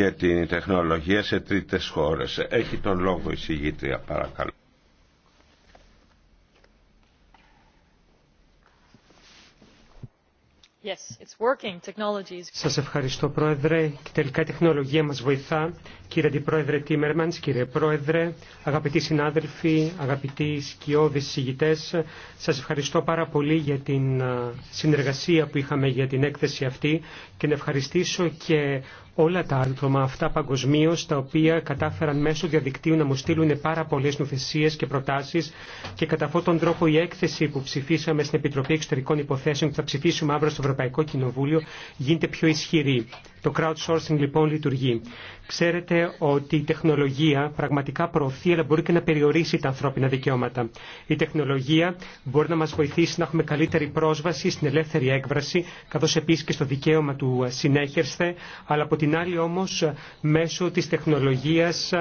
και την τεχνολογία σε τρίτες χώρες. Έχει τον λόγο η συγγήτρια παρακαλώ. Σας ευχαριστώ Πρόεδρε και τελικά η τεχνολογία μας βοηθά. Κύριε Αντιπρόεδρε Τίμερμαντς, κύριε Πρόεδρε, αγαπητοί συνάδελφοι, αγαπητοί σκιώδεις συγγητές, σας ευχαριστώ πάρα πολύ για την ε, συνεργασία που είχαμε για την έκθεση αυτή και να ευχαριστήσω και όλα τα άτομα αυτά παγκοσμίω, τα οποία κατάφεραν μέσω διαδικτύου να μου στείλουν πάρα πολλέ νοθεσίε και προτάσει και κατά αυτόν τον τρόπο η έκθεση που ψηφίσαμε στην Επιτροπή Εξωτερικών Υποθέσεων που θα ψηφίσουμε αύριο στο Ευρωπαϊκό Κοινοβούλιο γίνεται πιο ισχυρή. Το crowdsourcing λοιπόν λειτουργεί. Ξέρετε ότι η τεχνολογία πραγματικά προωθεί αλλά μπορεί και να περιορίσει τα ανθρώπινα δικαιώματα. Η τεχνολογία μπορεί να μα βοηθήσει να έχουμε καλύτερη πρόσβαση στην ελεύθερη έκβραση καθώ επίση και στο δικαίωμα του συνέχερστε αλλά την άλλη όμως μέσω της τεχνολογίας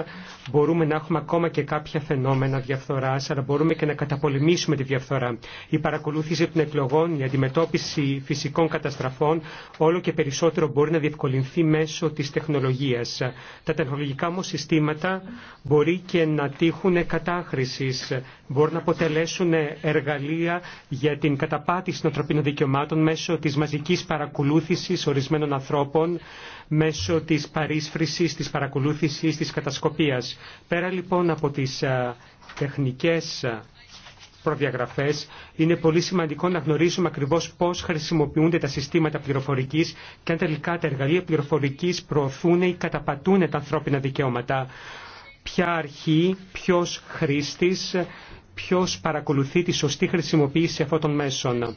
μπορούμε να έχουμε ακόμα και κάποια φαινόμενα διαφθοράς, αλλά μπορούμε και να καταπολεμήσουμε τη διαφθορά. Η παρακολούθηση των εκλογών, η αντιμετώπιση φυσικών καταστραφών, όλο και περισσότερο μπορεί να διευκολυνθεί μέσω της τεχνολογίας. Τα τεχνολογικά όμως συστήματα μπορεί και να τύχουν κατάχρηση, μπορούν να αποτελέσουν εργαλεία για την καταπάτηση των ανθρωπίνων δικαιωμάτων μέσω της μαζικής παρακολούθησης ορισμένων ανθρώπων, μέσω της παρίσφρησης, της παρακολούθησης, της κατασκοπίας. Πέρα λοιπόν από τις τεχνικές προδιαγραφές, είναι πολύ σημαντικό να γνωρίζουμε ακριβώς πώς χρησιμοποιούνται τα συστήματα πληροφορικής και αν τελικά τα εργαλεία πληροφορικής προωθούν ή καταπατούν τα ανθρώπινα δικαιώματα. Ποια αρχή, ποιος χρήστης, ποιος παρακολουθεί τη σωστή χρησιμοποίηση αυτών των μέσων.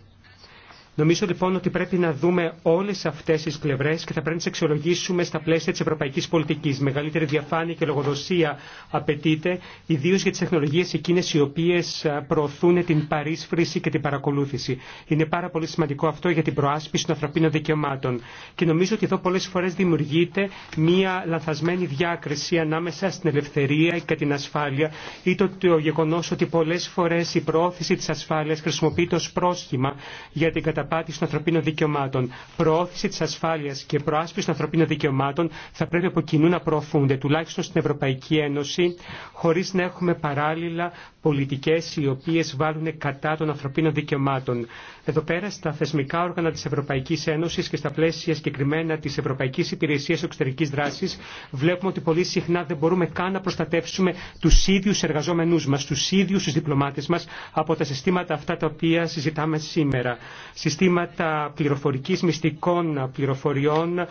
Νομίζω λοιπόν ότι πρέπει να δούμε όλε αυτέ τι πλευρέ και θα πρέπει να τι αξιολογήσουμε στα πλαίσια τη ευρωπαϊκή πολιτική. Μεγαλύτερη διαφάνεια και λογοδοσία απαιτείται, ιδίω για τι τεχνολογίε εκείνε οι οποίε προωθούν την παρίσφρηση και την παρακολούθηση. Είναι πάρα πολύ σημαντικό αυτό για την προάσπιση των ανθρωπίνων δικαιωμάτων. Και νομίζω ότι εδώ πολλέ φορέ δημιουργείται μία λανθασμένη διάκριση ανάμεσα στην ελευθερία και την ασφάλεια ή το, γεγονό ότι πολλέ φορέ η προώθηση τη ασφάλεια χρησιμοποιείται ω πρόσχημα για την καταπάτηση των ανθρωπίνων δικαιωμάτων, προώθηση τη ασφάλεια και προάσπιση των ανθρωπίνων δικαιωμάτων θα πρέπει από κοινού να προωθούνται, τουλάχιστον στην Ευρωπαϊκή Ένωση, χωρί να έχουμε παράλληλα πολιτικέ οι οποίε βάλουν κατά των ανθρωπίνων δικαιωμάτων. Εδώ πέρα στα θεσμικά όργανα τη Ευρωπαϊκή Ένωση και στα πλαίσια συγκεκριμένα τη Ευρωπαϊκή Υπηρεσία Εξωτερική Δράση βλέπουμε ότι πολύ συχνά δεν μπορούμε καν να προστατεύσουμε του ίδιου εργαζόμενού μα, του ίδιου του διπλωμάτε μα από τα συστήματα αυτά τα οποία συζητάμε σήμερα. Στι συστήματα πληροφορικής μυστικών πληροφοριών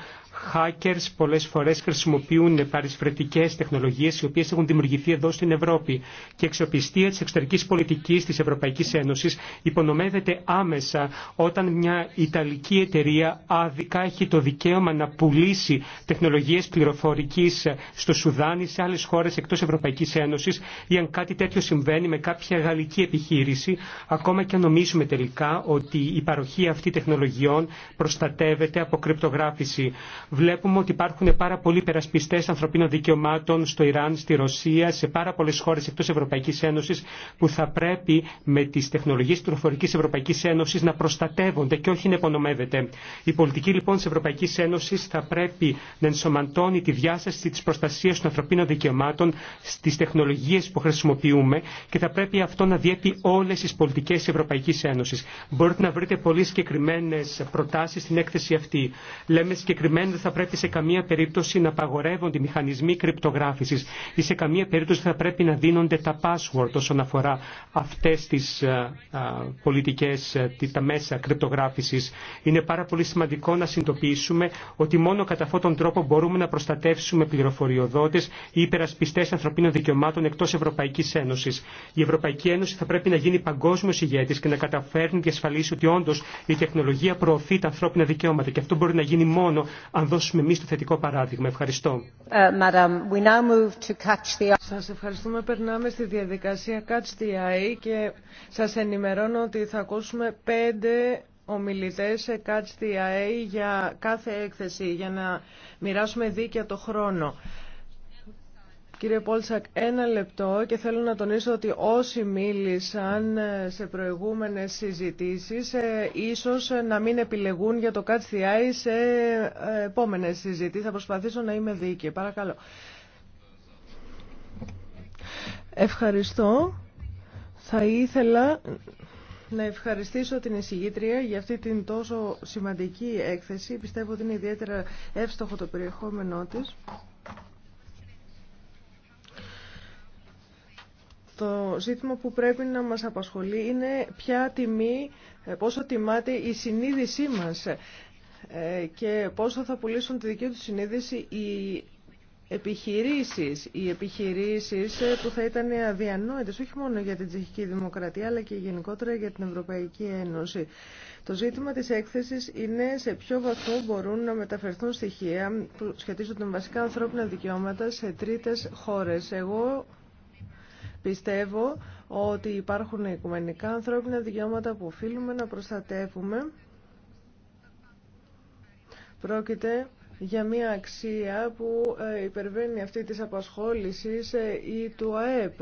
hackers πολλές φορές χρησιμοποιούν παρισφρετικές τεχνολογίες οι οποίες έχουν δημιουργηθεί εδώ στην Ευρώπη και η αξιοπιστία της εξωτερικής πολιτικής της Ευρωπαϊκής Ένωσης υπονομεύεται άμεσα όταν μια Ιταλική εταιρεία άδικα έχει το δικαίωμα να πουλήσει τεχνολογίες πληροφορικής στο Σουδάν ή σε άλλες χώρες εκτός Ευρωπαϊκής Ένωσης ή αν κάτι τέτοιο συμβαίνει με κάποια γαλλική επιχείρηση ακόμα και αν νομίζουμε τελικά ότι η παροχή αυτή τεχνολογιών προστατεύεται από κρυπτογράφηση. Βλέπουμε ότι υπάρχουν πάρα πολλοί περασπιστέ ανθρωπίνων δικαιωμάτων στο Ιράν, στη Ρωσία, σε πάρα πολλέ χώρε εκτό Ευρωπαϊκή Ένωση που θα πρέπει με τι τεχνολογίε τη πληροφορική Ευρωπαϊκή Ένωση να προστατεύονται και όχι να υπονομεύεται. Η πολιτική λοιπόν τη Ευρωπαϊκή Ένωση θα πρέπει να ενσωματώνει τη διάσταση τη προστασία των ανθρωπίνων δικαιωμάτων στι τεχνολογίε που χρησιμοποιούμε και θα πρέπει αυτό να διέπει όλε τι πολιτικέ τη Ευρωπαϊκή Ένωση. Μπορείτε να βρείτε πολύ συγκεκριμένε προτάσει στην έκθεση αυτή. Λέμε συγκεκριμένε θα πρέπει σε καμία περίπτωση να απαγορεύονται οι μηχανισμοί κρυπτογράφηση, ή σε καμία περίπτωση θα πρέπει να δίνονται τα password όσον αφορά αυτέ ε, ε, ε, τι πολιτικέ τα μέσα κρυπτογράφηση. Είναι πάρα πολύ σημαντικό να συνειδητοποιήσουμε ότι μόνο κατά αυτόν τον τρόπο μπορούμε να προστατεύσουμε πληροφοριοδότες ή υπερασπιστές ανθρωπίνων δικαιωμάτων εκτό Ευρωπαϊκή Ένωση. Η υπερασπιστε ανθρωπινων δικαιωματων εκτο ευρωπαικη ενωση η ευρωπαικη ενωση θα πρέπει να γίνει παγκόσμιο ηγέτη και να καταφέρνει να διασφαλίσει ότι όντω η τεχνολογία προωθεί τα ανθρώπινα δικαιώματα και αυτό μπορεί να γίνει μόνο αν δώσουμε εμεί το θετικό παράδειγμα. Ευχαριστώ. Ε, σα ευχαριστούμε. Περνάμε στη διαδικασία Catch the Eye και σα ενημερώνω ότι θα ακούσουμε πέντε ομιλητέ σε Catch the Eye για κάθε έκθεση για να μοιράσουμε δίκαια το χρόνο. Κύριε Πόλσακ, ένα λεπτό και θέλω να τονίσω ότι όσοι μίλησαν ε, σε προηγούμενες συζητήσεις ε, ίσως ε, να μην επιλεγούν για το Catch σε επόμενες συζητήσεις. Θα προσπαθήσω να είμαι δίκαιη. Παρακαλώ. Ευχαριστώ. Θα ήθελα να ευχαριστήσω την εισηγήτρια για αυτή την τόσο σημαντική έκθεση. Πιστεύω ότι είναι ιδιαίτερα εύστοχο το περιεχόμενό της. Το ζήτημα που πρέπει να μας απασχολεί είναι ποια τιμή, ε, πόσο τιμάται η συνείδησή μας ε, και πόσο θα πουλήσουν τη δική του συνείδηση οι επιχειρήσεις, οι επιχειρήσεις ε, που θα ήταν αδιανόητες όχι μόνο για την τσεχική δημοκρατία αλλά και γενικότερα για την Ευρωπαϊκή Ένωση. Το ζήτημα της έκθεσης είναι σε ποιο βαθμό μπορούν να μεταφερθούν στοιχεία που σχετίζονται με βασικά ανθρώπινα δικαιώματα σε τρίτες χώρες. Εγώ Πιστεύω ότι υπάρχουν οικουμενικά ανθρώπινα δικαιώματα που οφείλουμε να προστατεύουμε. Πρόκειται για μια αξία που ε, υπερβαίνει αυτή της απασχόλησης ε, ή του ΑΕΠ.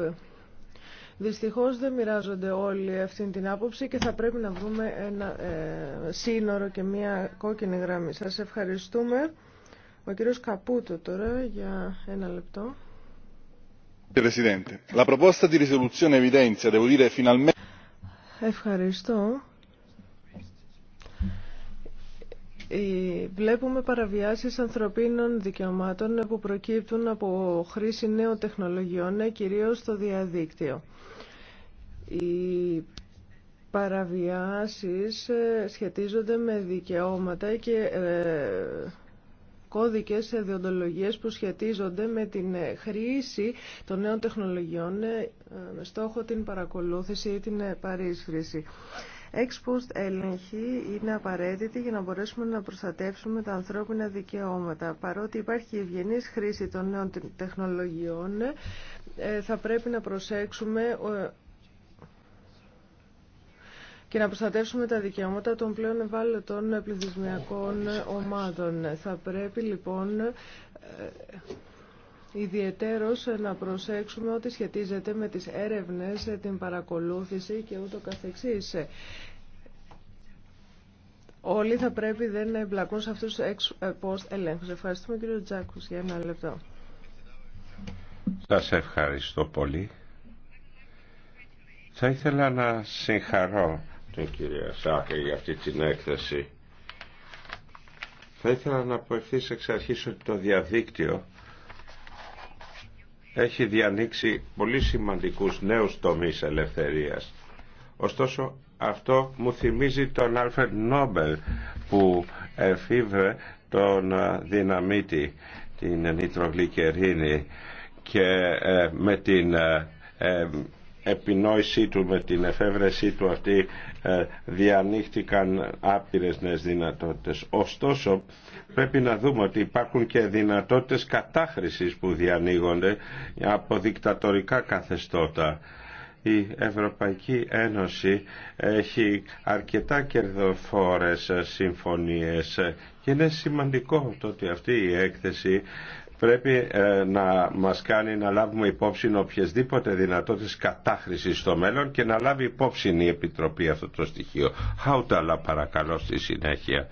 Δυστυχώς δεν μοιράζονται όλοι αυτή την άποψη και θα πρέπει να βρούμε ένα ε, σύνορο και μια κόκκινη γραμμή. Σας ευχαριστούμε. Ο κύριος Καπούτο τώρα για ένα λεπτό. Ευχαριστώ. Βλέπουμε παραβιάσεις ανθρωπίνων δικαιωμάτων που προκύπτουν από χρήση νέων τεχνολογιών, ε, κυρίως στο διαδίκτυο. Οι παραβιάσεις ε, σχετίζονται με δικαιώματα και ε, κώδικες διοντολογίες που σχετίζονται με την χρήση των νέων τεχνολογιών ε, με στόχο την παρακολούθηση ή την παρίσχρηση. Ex-post έλεγχη είναι απαραίτητη για να μπορέσουμε να προστατεύσουμε τα ανθρώπινα δικαιώματα. Παρότι υπάρχει ευγενής χρήση των νέων τεχνολογιών, ε, θα πρέπει να προσέξουμε ε, και να προστατεύσουμε τα δικαιώματα των πλέον ευάλωτων πληθυσμιακών ομάδων. Θα πρέπει λοιπόν ε, ιδιαιτέρως να προσέξουμε ό,τι σχετίζεται με τις έρευνες, την παρακολούθηση και ούτω καθεξής. Όλοι θα πρέπει δεν να εμπλακούν σε αυτούς εξ post ελέγχους. Ευχαριστούμε κύριο Τζάκους για ένα λεπτό. Σας ευχαριστώ πολύ. Θα ήθελα να συγχαρώ την ναι, κυρία Σάκα για αυτή την έκθεση. Θα ήθελα να πω ευθύς εξ αρχής ότι το διαδίκτυο έχει διανοίξει πολύ σημαντικούς νέους τομείς ελευθερίας. Ωστόσο αυτό μου θυμίζει τον Άλφερντ Νόμπελ που εφήβε τον ε, δυναμίτη, την νητρογλυκερίνη και ε, με την ε, επινόησή του, με την εφεύρεσή του αυτή ε, διανοίχτηκαν άπειρες νέες δυνατότητες. Ωστόσο πρέπει να δούμε ότι υπάρχουν και δυνατότητες κατάχρησης που διανοίγονται από δικτατορικά καθεστώτα. Η Ευρωπαϊκή Ένωση έχει αρκετά κερδοφόρες συμφωνίες και είναι σημαντικό το ότι αυτή η έκθεση πρέπει ε, να μας κάνει να λάβουμε υπόψη οποιασδήποτε δυνατότητες κατάχρησης στο μέλλον και να λάβει υπόψη η Επιτροπή αυτό το στοιχείο. Χάουταλα παρακαλώ στη συνέχεια.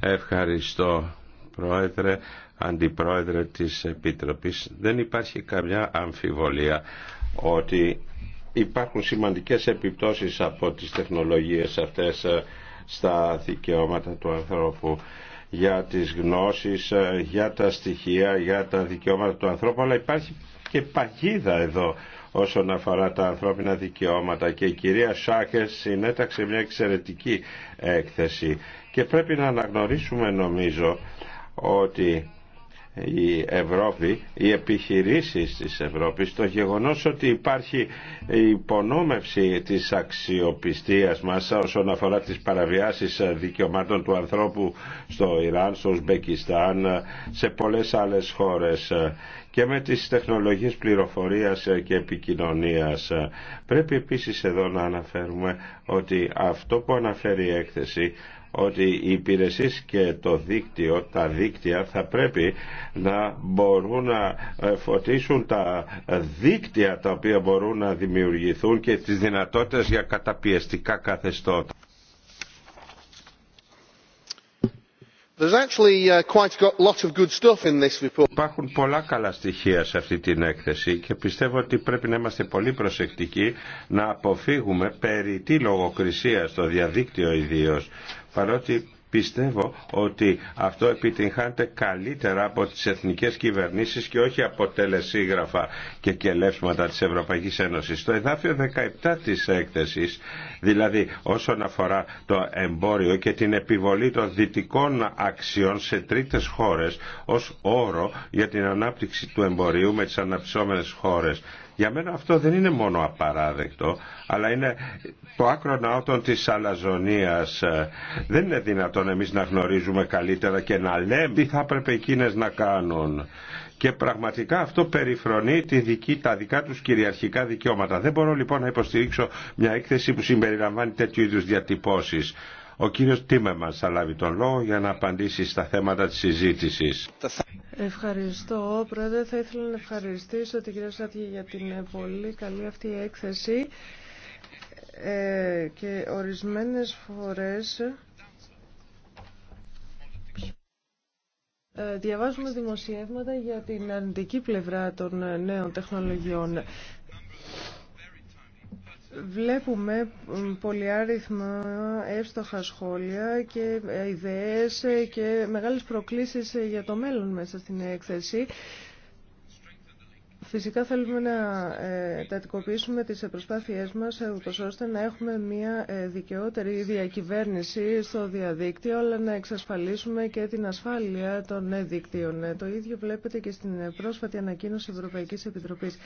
Ευχαριστώ Πρόεδρε, Αντιπρόεδρε της Επιτροπής. Δεν υπάρχει καμιά αμφιβολία ότι υπάρχουν σημαντικές επιπτώσεις από τις τεχνολογίες αυτές ε, στα δικαιώματα του ανθρώπου για τις γνώσεις, ε, για τα στοιχεία, για τα δικαιώματα του ανθρώπου, αλλά υπάρχει και παγίδα εδώ όσον αφορά τα ανθρώπινα δικαιώματα και η κυρία Σάκες συνέταξε μια εξαιρετική έκθεση και πρέπει να αναγνωρίσουμε νομίζω ότι η Ευρώπη, οι επιχειρήσεις της Ευρώπης, το γεγονός ότι υπάρχει υπονόμευση της αξιοπιστίας μας όσον αφορά τις παραβιάσεις δικαιωμάτων του ανθρώπου στο Ιράν, στο Ουσμπεκιστάν, σε πολλές άλλες χώρες και με τις τεχνολογίες πληροφορίας και επικοινωνίας. Πρέπει επίσης εδώ να αναφέρουμε ότι αυτό που αναφέρει η έκθεση ότι οι υπηρεσίες και το δίκτυο, τα δίκτυα θα πρέπει να μπορούν να ε, φωτίσουν τα δίκτυα τα οποία μπορούν να δημιουργηθούν και τις δυνατότητες για καταπιεστικά καθεστώτα. Υπάρχουν πολλά καλά στοιχεία σε αυτή την έκθεση και πιστεύω ότι πρέπει να είμαστε πολύ προσεκτικοί να αποφύγουμε περί τη λογοκρισία στο διαδίκτυο ιδίως παρότι πιστεύω ότι αυτό επιτυγχάνεται καλύτερα από τις εθνικές κυβερνήσεις και όχι από τελεσίγραφα και κελεύσματα της Ευρωπαϊκής Ένωσης. Το εδάφιο 17 της έκθεσης, δηλαδή όσον αφορά το εμπόριο και την επιβολή των δυτικών αξιών σε τρίτες χώρες ως όρο για την ανάπτυξη του εμπορίου με τις αναπτυσσόμενες χώρες. Για μένα αυτό δεν είναι μόνο απαράδεκτο, αλλά είναι το άκρο ναότον της αλαζονίας. Ε, δεν είναι δυνατόν εμείς να γνωρίζουμε καλύτερα και να λέμε τι θα έπρεπε εκείνες να κάνουν. Και πραγματικά αυτό περιφρονεί τη δική, τα δικά του κυριαρχικά δικαιώματα. Δεν μπορώ λοιπόν να υποστηρίξω μια έκθεση που συμπεριλαμβάνει τέτοιου είδου διατυπώσει. Ο κύριος Τίμεμας θα λάβει τον λόγο για να απαντήσει στα θέματα της συζήτησης. Ευχαριστώ, Πρόεδρε. Θα ήθελα να ευχαριστήσω την κυρία Σάτια για την πολύ καλή αυτή έκθεση ε, και ορισμένες φορές ε, διαβάζουμε δημοσιεύματα για την αρνητική πλευρά των ε, νέων τεχνολογιών. Βλέπουμε πολυάριθμα εύστοχα σχόλια και ε, ιδέες ε, και μεγάλες προκλήσεις ε, για το μέλλον μέσα στην έκθεση. Φυσικά θέλουμε να τατικοποιήσουμε τις προσπάθειές μας ούτως ώστε να έχουμε μια δικαιότερη διακυβέρνηση στο διαδίκτυο αλλά να εξασφαλίσουμε και την ασφάλεια των δικτύων. Το ίδιο βλέπετε και στην πρόσφατη ανακοίνωση Ευρωπαϊκής Επιτροπής.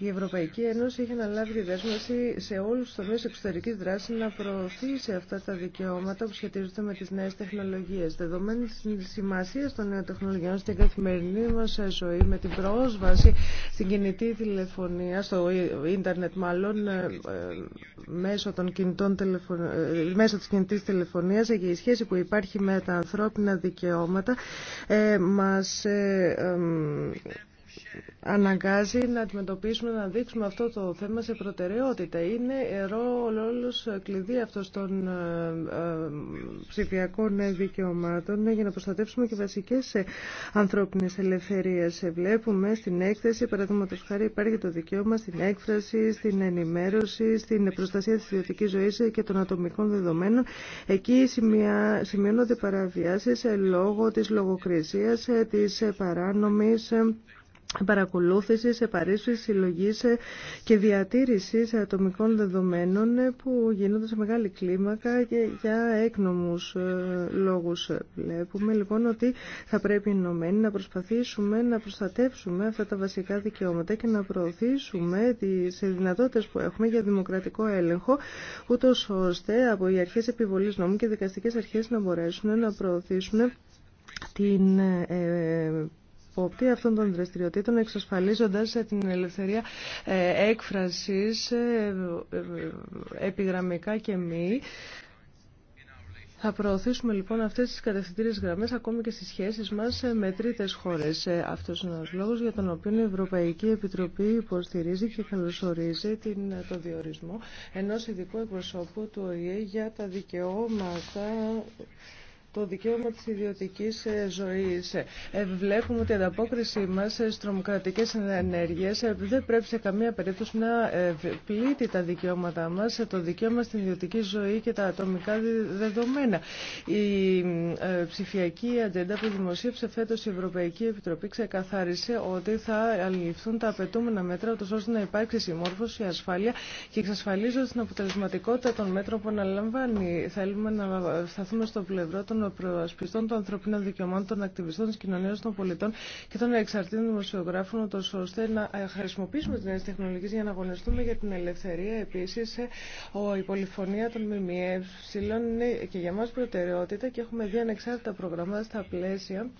Η Ευρωπαϊκή Ένωση έχει αναλάβει τη δέσμευση σε όλου του τομεί εξωτερική δράση να προωθήσει αυτά τα δικαιώματα που σχετίζονται με τι νέε τεχνολογίε. Δεδομένη τη σημασία των νέων τεχνολογιών στην καθημερινή μα ζωή, με την πρόσβαση στην κινητή τηλεφωνία, στο ίντερνετ μάλλον, ε, ε, μέσω, των κινητών ε, μέσω της κινητής τηλεφωνίας και η σχέση που υπάρχει με τα ανθρώπινα δικαιώματα μας αναγκάζει να αντιμετωπίσουμε, να δείξουμε αυτό το θέμα σε προτεραιότητα. Είναι ρόλος κλειδί αυτό των ε, ε, ψηφιακών δικαιωμάτων ε, για να προστατεύσουμε και βασικές ανθρώπινες ελευθερίες. Βλέπουμε στην έκθεση, παραδείγματο χάρη υπάρχει το δικαίωμα στην έκφραση, στην ενημέρωση, στην προστασία της ιδιωτικής ζωής και των ατομικών δεδομένων. Εκεί σημειώνονται παραβιάσεις λόγω της λογοκρισίας, της παράνομης παρακολούθησης, επαρίσφυσης, συλλογής ε, και διατήρησης ατομικών δεδομένων ε, που γίνονται σε μεγάλη κλίμακα για έκνομους ε, λόγους. Βλέπουμε λοιπόν ότι θα πρέπει οι να προσπαθήσουμε να προστατεύσουμε αυτά τα βασικά δικαιώματα και να προωθήσουμε τις δυνατότητες που έχουμε για δημοκρατικό έλεγχο, ούτω ώστε από οι αρχές επιβολής νόμου και δικαστικές αρχές να μπορέσουν να προωθήσουν την υπόπτη αυτών των δραστηριοτήτων εξασφαλίζοντας την ελευθερία ε, έκφρασης ε, ε, επιγραμμικά και μη. Θα προωθήσουμε λοιπόν αυτέ τι κατευθυντήριες γραμμέ, ακόμη και στι σχέσει μα με τρίτε χώρε αυτό είναι ο λόγο για τον οποίο η Ευρωπαϊκή Επιτροπή υποστηρίζει και καλωσορίζει την, το διορισμό ενό ειδικού εκπροσώπου του ΟΗΕ για τα δικαιώματα το δικαίωμα της ιδιωτικής ε, ζωής. Ε, βλέπουμε ότι η ανταπόκριση μας ε, στις τρομοκρατικές ενέργειες δεν πρέπει σε καμία περίπτωση να πλήττει τα δικαιώματά μας, το δικαίωμα στην ιδιωτική ζωή και τα ατομικά δεδομένα. Η ψηφιακή ατζέντα που δημοσίευσε φέτος η Ευρωπαϊκή Επιτροπή ξεκαθάρισε ότι θα αλληληφθούν τα απαιτούμενα μέτρα ώστε να υπάρξει συμμόρφωση, ασφάλεια και εξασφαλίζοντας την αποτελεσματικότητα των μέτρων που αναλαμβάνει. Θέλουμε να σταθούμε στο πλευρό των των προασπιστών των ανθρωπίνων δικαιωμάτων, των ακτιβιστών τη κοινωνία των πολιτών και των εξαρτήτων δημοσιογράφων, ώστε να ε, χρησιμοποιήσουμε τι νέε τεχνολογίε για να αγωνιστούμε για την ελευθερία. Επίση, ε, η πολυφωνία των ΜΜΕ είναι και για μα προτεραιότητα και έχουμε δει ανεξάρτητα προγράμματα στα πλαίσια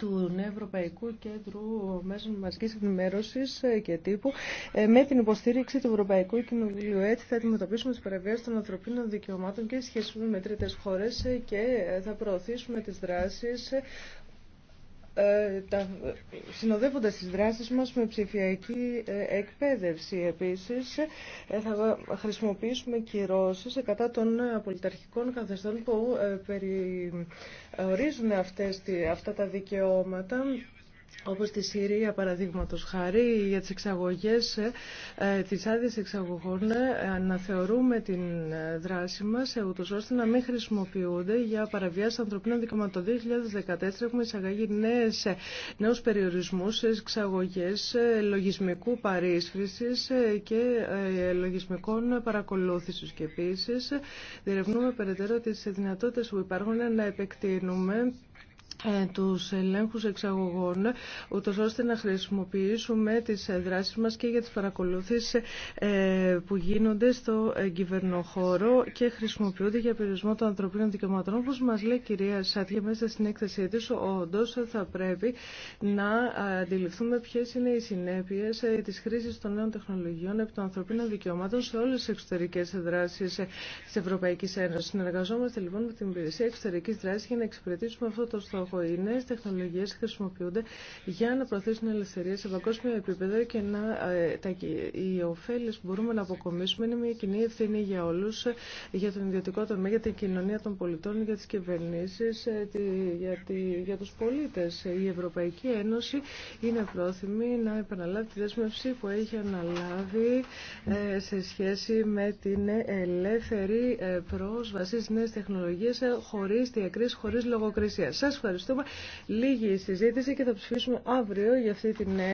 του Ευρωπαϊκού Κέντρου Μέσων Μαζική Ενημέρωση ε, και Τύπου ε, με την υποστήριξη του Ευρωπαϊκού Κοινοβουλίου. Έτσι θα αντιμετωπίσουμε τι παραβιάσει των ανθρωπίνων δικαιωμάτων και σχέση με τρίτε χώρε, ε, και θα προωθήσουμε τι δράσει. Ε, τα, συνοδεύοντας τις δράσεις μας με ψηφιακή ε, εκπαίδευση. Επίσης, ε, θα χρησιμοποιήσουμε κυρώσεις κατά των πολιταρχικών καθεστών που περιορίζουν αυτές, αυτά τα δικαιώματα Όπω στη Συρία παραδείγματο χάρη για τι εξαγωγέ ε, ε τις άδειες εξαγωγών ε, αναθεωρούμε την ε, δράση μας ούτω ώστε να μην χρησιμοποιούνται για παραβιάσει ανθρωπίνων δικαιωμάτων. Το 2014 έχουμε εισαγαγεί νέου περιορισμού περιορισμούς εξαγωγέ εξαγωγές λογισμικού ε, και λογισμικών παρακολούθηση. και επίσης διερευνούμε περαιτέρω τι δυνατότητε που υπάρχουν να επεκτείνουμε ε, τους ελέγχους εξαγωγών, ούτως ώστε να χρησιμοποιήσουμε τις δράσεις μας και για τις παρακολουθήσεις ε, που γίνονται στο ε, κυβερνοχώρο και χρησιμοποιούνται για περιορισμό των ανθρωπίνων δικαιωματών. Όπως μας λέει η κυρία Σάτια μέσα στην έκθεσή της, όντω θα πρέπει να αντιληφθούμε ποιες είναι οι συνέπειες της χρήσης των νέων τεχνολογιών επί των ανθρωπίνων δικαιωμάτων σε όλες τις εξωτερικές δράσεις της Ευρωπαϊκής Ένωσης. Συνεργαζόμαστε λοιπόν με την Υπηρεσία Εξωτερικής Δράσης για να εξυπηρετήσουμε αυτό το στόχο στόχο οι τεχνολογίε χρησιμοποιούνται για να προωθήσουν ελευθερία σε παγκόσμιο επίπεδο και να, ε, τα, οι ωφέλειε που μπορούμε να αποκομίσουμε είναι μια κοινή ευθύνη για όλου, ε, για τον ιδιωτικό τομέα, για την κοινωνία των πολιτών, για τι κυβερνήσει, ε, για, τη, για του πολίτε. Η Ευρωπαϊκή Ένωση είναι πρόθυμη να επαναλάβει τη δέσμευση που έχει αναλάβει σε σχέση με την ελεύθερη πρόσβαση στι νέε τεχνολογίε χωρί διακρίσει, χωρί λογοκρισία. Σα ευχαριστώ. Ευχαριστούμε. Λίγη συζήτηση και θα ψηφίσουμε αύριο για αυτή την